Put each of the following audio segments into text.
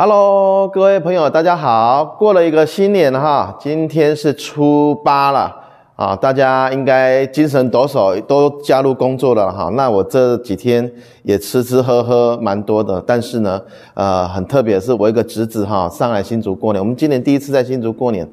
Hello，各位朋友，大家好！過了一個新年哈，今天是初八了啊，大家應該精神抖擻，都加入工作了哈。那我這幾天也吃吃喝喝蠻多的，但是呢，呃，很特別是我一個侄子哈，上來新竹過年，我們今年第一次在新竹過年。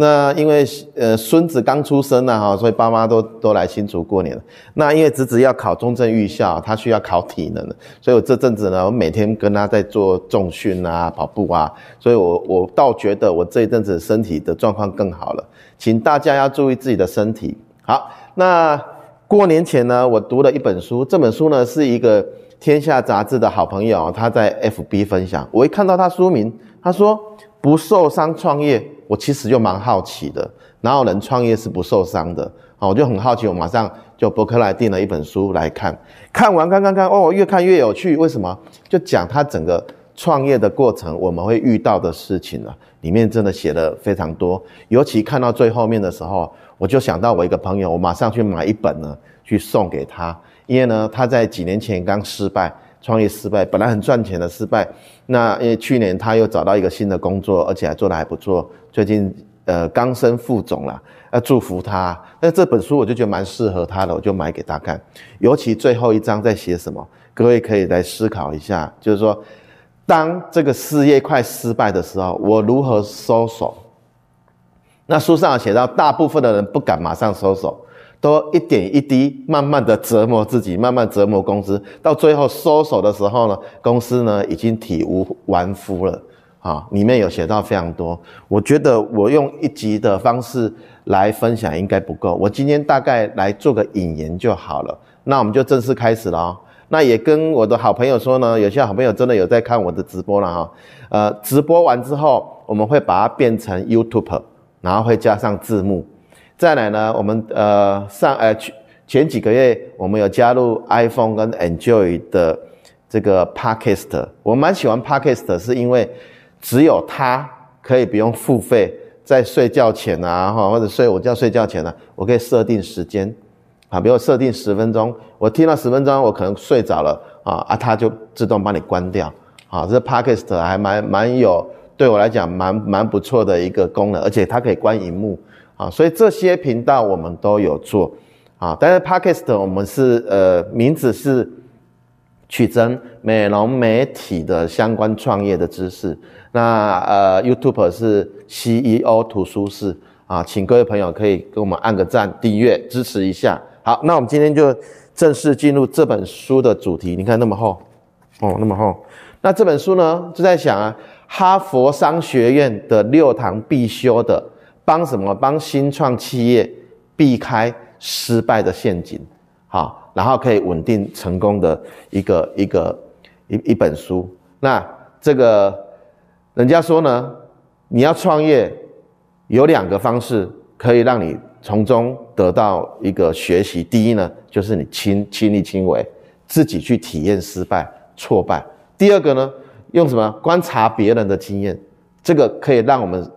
那因為呃，孫子剛出生了哈，所以爸媽都都來新竹過年了。那因為侄子，子要考中正預校，他需要考體能。所以我這陣子呢，我每天跟他在做重訓啊，跑步啊，所以我我倒覺得我這一陣子身體的狀況更好了。請大家要注意自己的身體。好，那過年前呢，我讀了一本書，這本書呢是一個天下雜誌的好朋友，他在 FB 分享，我一看到他書名，他說。不受傷創業，我其實就蠻好奇的。哪有人創業是不受傷的？好，我就很好奇，我馬上就博客來訂了一本書來看。看完，看看看哦，越看越有趣。為什麼？就講他整個創業的過程，我們會遇到的事情呢，啊，裡面真的寫了非常多。尤其看到最後面的時候，我就想到我一個朋友，我馬上去買一本呢，去送給他，因為呢，他在幾年前剛失敗。創業失敗，本來很賺錢的失敗。那因為去年他又找到一個新的工作，而且還做得還不錯。最近呃剛升副總了，要祝福他。那這本書我就覺得蠻適合他的，我就買給他看。尤其最後一章在寫什麼，各位可以來思考一下。就是說，當這個事業快失敗的時候，我如何收手？那書上寫到，大部分的人不敢馬上收手。都一點一滴，慢慢的折磨自己，慢慢折磨公司，到最後收手的時候呢，公司呢已經體無完膚了，啊，裡面有寫到非常多。我覺得我用一集的方式來分享應該不夠，我今天大概來做個引言就好了。那我們就正式開始了哦。那也跟我的好朋友說呢，有些好朋友真的有在看我的直播了哈。呃，直播完之後，我們會把它變成 YouTube，然後會加上字幕。再來呢，我們呃上呃前，前幾個月我們有加入 iPhone 跟 Android 的這個 Podcast。我蠻喜歡 Podcast，是因為只有它可以不用付費，在睡覺前啊，或者睡午覺睡覺前啊，我可以設定時間啊，比如設定十分鐘，我聽到十分鐘，我可能睡着了啊啊，它就自動幫你關掉好，啊、這 Podcast 還蠻蠻有，對我來講蠻蠻不錯的一個功能，而且它可以關螢幕。啊，所以這些頻道我們都有做，啊，但是 Podcast 我們是呃，名字是取真美容媒體的相關創業的知識。那呃，YouTube 是 CEO 圖書室啊，請各位朋友可以給我們按個讚、訂閱支持一下。好，那我們今天就正式進入這本書的主題。你看那麼厚哦，那麼厚。那這本書呢，就在講啊，哈佛商學院的六堂必修的。幫什麼？幫新創企業避開失敗的陷阱，好，然後可以穩定成功的一個一個一一本書。那這個人家說呢，你要創業有兩個方式可以讓你從中得到一個學習。第一呢，就是你親親力親為，自己去體驗失敗、挫敗。第二個呢，用什麼？觀察別人的經驗，這個可以讓我們。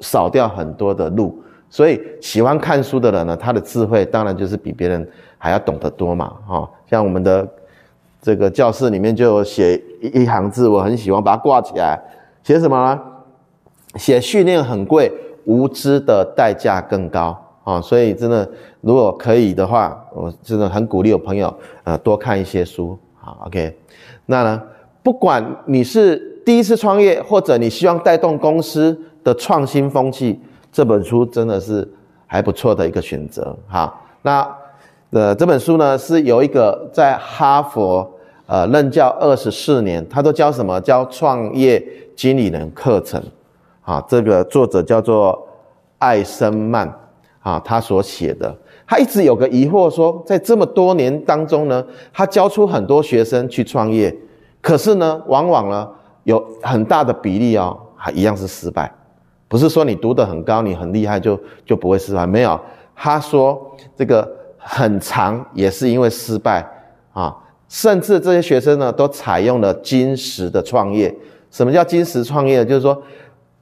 少掉很多的路，所以喜歡看書的人呢，他的智慧當然就是比別人還要懂得多嘛，哈。像我們的這個教室裡面就寫一一行字，我很喜歡把它掛起來，寫什麼呢？寫訓練很貴，無知的代價更高啊。所以真的，如果可以的話，我真的很鼓勵我朋友呃多看一些書，好 OK，那呢，不管你是。第一次創業，或者你希望帶動公司的創新風氣，這本書真的是還不錯的一個選擇哈。那呃，這本書呢是，由一個在哈佛呃任教二十四年，他都教什麼？教創業經理人課程，啊，這個作者叫做艾森曼啊，他所寫的，他一直有個疑惑說，說在這麼多年當中呢，他教出很多學生去創業，可是呢，往往呢。有很大的比例哦，還一樣是失敗，不是說你讀得很高，你很厲害就就不會失敗。沒有，他說這個很長也是因為失敗啊。甚至這些學生呢，都採用了精實的創業。什麼叫精實創業？就是說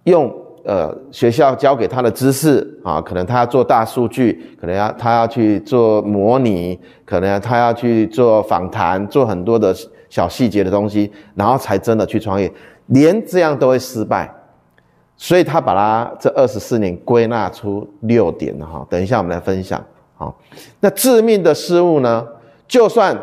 用，用呃學校教給他的知識啊，可能他要做大數據，可能他要他要去做模擬，可能他要去做訪談，做很多的。小細節的東西，然後才真的去創業，連這樣都會失敗，所以他把他這二十四年歸納出六點哈。等一下我們來分享。好，那致命的失誤呢？就算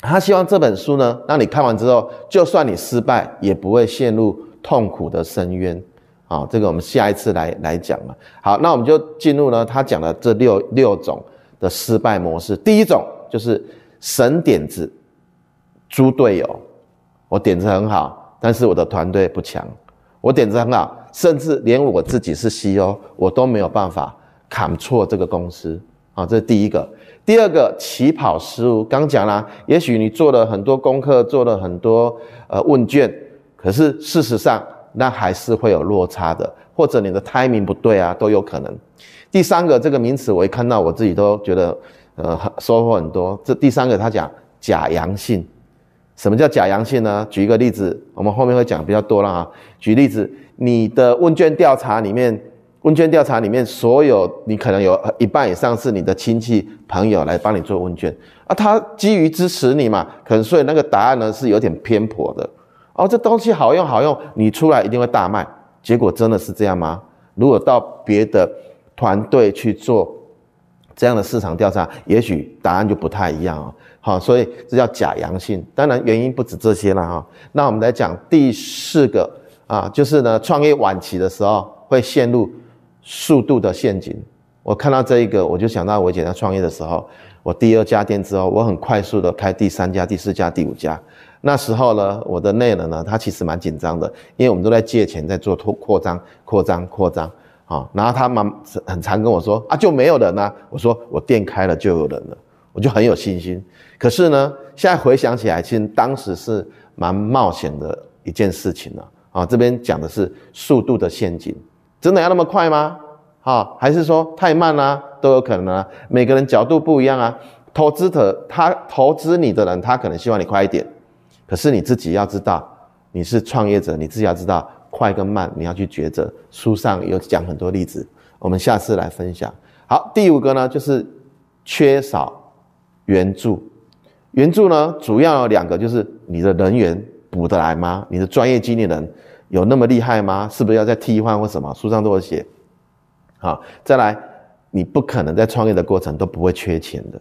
他希望這本書呢，讓你看完之後，就算你失敗，也不會陷入痛苦的深淵。好，這個我們下一次來來講了。好，那我們就進入了他講的這六六種的失敗模式。第一種就是神點子。豬隊友，我點子很好，但是我的團隊不強。我點子很好，甚至連我自己是 CEO，我都沒有辦法扛錯這個公司啊！這是第一個。第二個起跑失誤，剛講啦，也許你做了很多功課，做了很多呃問卷，可是事實上那還是會有落差的，或者你的 timing 不對啊，都有可能。第三個這個名詞，我一看到我自己都覺得呃很收穫很多。這第三個他講假陽性。什麼叫假陽性呢？舉一個例子，我們後面會講比較多了啊。舉例子，你的問卷調查裡面，問卷調查裡面所有，你可能有一半以上是你的親戚朋友來幫你做問卷啊，他基於支持你嘛，可能所以那個答案呢是有點偏頗的。哦，這東西好用好用，你出來一定會大賣，結果真的是這樣嗎？如果到別的團隊去做，這樣的市場調查，也許答案就不太一樣啊。好，所以這叫假陽性。當然原因不止這些了哈。那我們來講第四個啊，就是呢，創業晚期的時候會陷入速度的陷阱。我看到這一個，我就想到我以前在創業的時候，我第二家店之後，我很快速的開第三家、第四家、第五家。那時候呢，我的內人呢，他其實蠻緊張的，因為我們都在借錢在做拓擴張、擴張、擴張。啊，然後他蠻很常跟我說啊，就沒有人啊。我說我店開了就有人了，我就很有信心。可是呢，現在回想起來，其實當時是蠻冒險的一件事情了啊。啊，這邊講的是速度的陷阱，真的要那麼快嗎？啊，還是說太慢啊，都有可能啊。每個人角度不一樣啊，投資者他投資你的人，他可能希望你快一點，可是你自己要知道，你是創業者，你自己要知道。快跟慢，你要去抉擇。書上有講很多例子，我們下次來分享。好，第五個呢，就是缺少援助。援助呢，主要有兩個，就是你的人員補得來嗎？你的專業經理人有那麼厲害嗎？是不是要再替換或什麼？書上都有寫。好，再來，你不可能在創業的過程都不會缺錢的。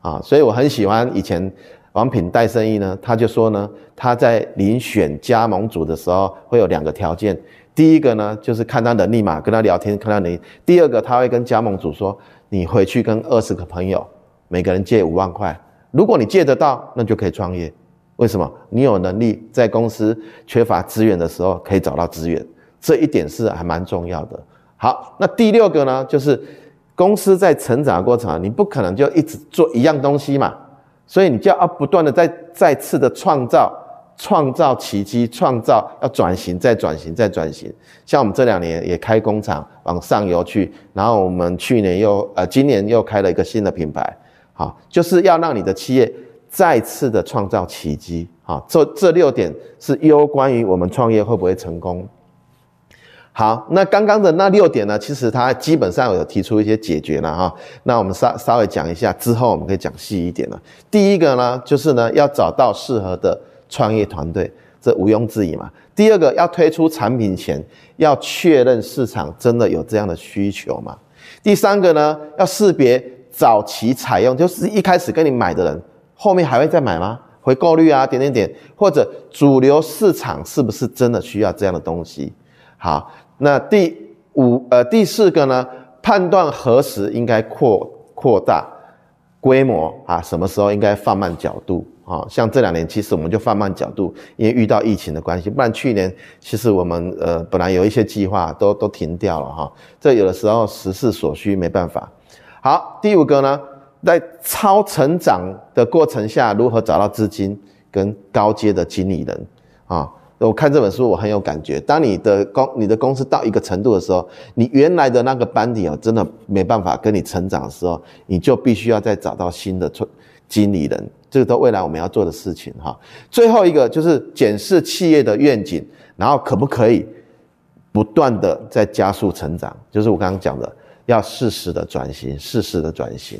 啊，所以我很喜歡以前。王品帶生意呢，他就說呢，他在遴選加盟主的時候會有兩個條件。第一個呢，就是看他能力嘛，跟他聊天，看他能力；第二個，他會跟加盟主說，你回去跟二十個朋友，每個人借五萬塊。如果你借得到，那就可以創業。為什麼？你有能力在公司缺乏資源的時候可以找到資源，這一點是還蠻重要的。好，那第六個呢，就是公司在成長過程，你不可能就一直做一樣東西嘛。所以你就要不斷的再再次的創造創造奇蹟，創造，要轉型再轉型再轉型。像我們這兩年也開工廠往上游去，然後我們去年又呃今年又開了一個新的品牌，好，就是要讓你的企業再次的創造奇蹟。好，這這六點是攸關於我們創業會不會成功。好，那剛剛的那六點呢，其實它基本上有提出一些解決了哈。那我們稍稍微講一下，之後我們可以講細一點了。第一個呢，就是呢要找到適合的創業團隊，這毋庸置疑嘛。第二個，要推出產品前要確認市場真的有這樣的需求嘛。第三個呢，要識別早期採用，就是一開始跟你買的人，後面還會再買嗎？回購率啊，點點點，或者主流市場是不是真的需要這樣的東西？好。那第五，呃，第四個呢，判斷何時應該擴擴大規模啊，什麼時候應該放慢腳步啊、哦？像這兩年，其實我們就放慢腳步，因為遇到疫情的關係，不然去年其實我們呃本來有一些計劃都都停掉了哈、哦。這有的時候時勢所需，沒辦法。好，第五個呢，在超成長的過程下，如何找到資金跟高階的經理人啊？哦我看這本書，我很有感覺。當你的公、你的公司到一個程度的時候，你原來的那個班底啊，真的沒辦法跟你成長的時候，你就必須要再找到新的經理人。這個都未來我們要做的事情哈。最後一個就是檢視企業的願景，然後可不可以不斷的再加速成長？就是我剛剛講的，要適時的轉型，適時的轉型。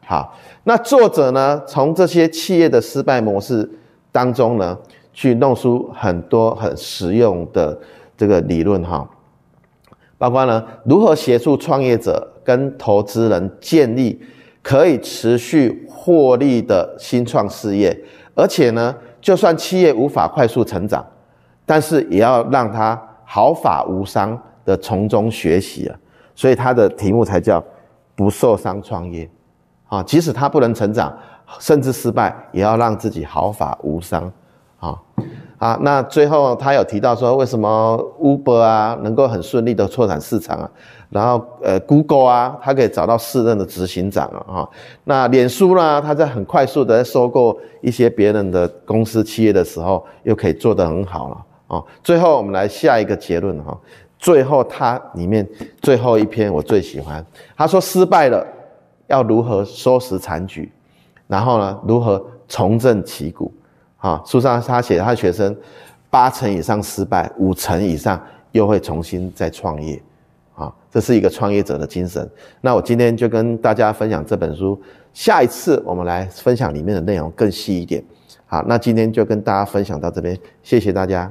好，那作者呢，從這些企業的失敗模式當中呢，去弄出很多很實用的這個理論哈，包括呢，如何協助創業者跟投資人建立可以持續獲利的新創事業，而且呢，就算企業無法快速成長，但是也要讓他毫髮無傷的從中學習啊。所以他的題目才叫不受傷創業啊，即使他不能成長，甚至失敗，也要讓自己毫髮無傷。好啊，那最後他有提到說，為什麼 Uber 啊能夠很順利的拓展市場啊？然後呃，Google 啊，他可以找到四任的執行長啊，哈，那臉書呢？他在很快速的在收購一些別人的公司企業的時候，又可以做得很好了啊。最後我們來下一個結論哈，最後它裡面最後一篇我最喜歡，他說失敗了要如何收拾殘局，然後呢，如何重振旗鼓。啊，書上他寫，他的學生八成以上失敗，五成以上又會重新再創業，啊，這是一個創業者的精神。那我今天就跟大家分享這本書，下一次我們來分享裡面的內容更細一點。好，那今天就跟大家分享到這邊，謝謝大家。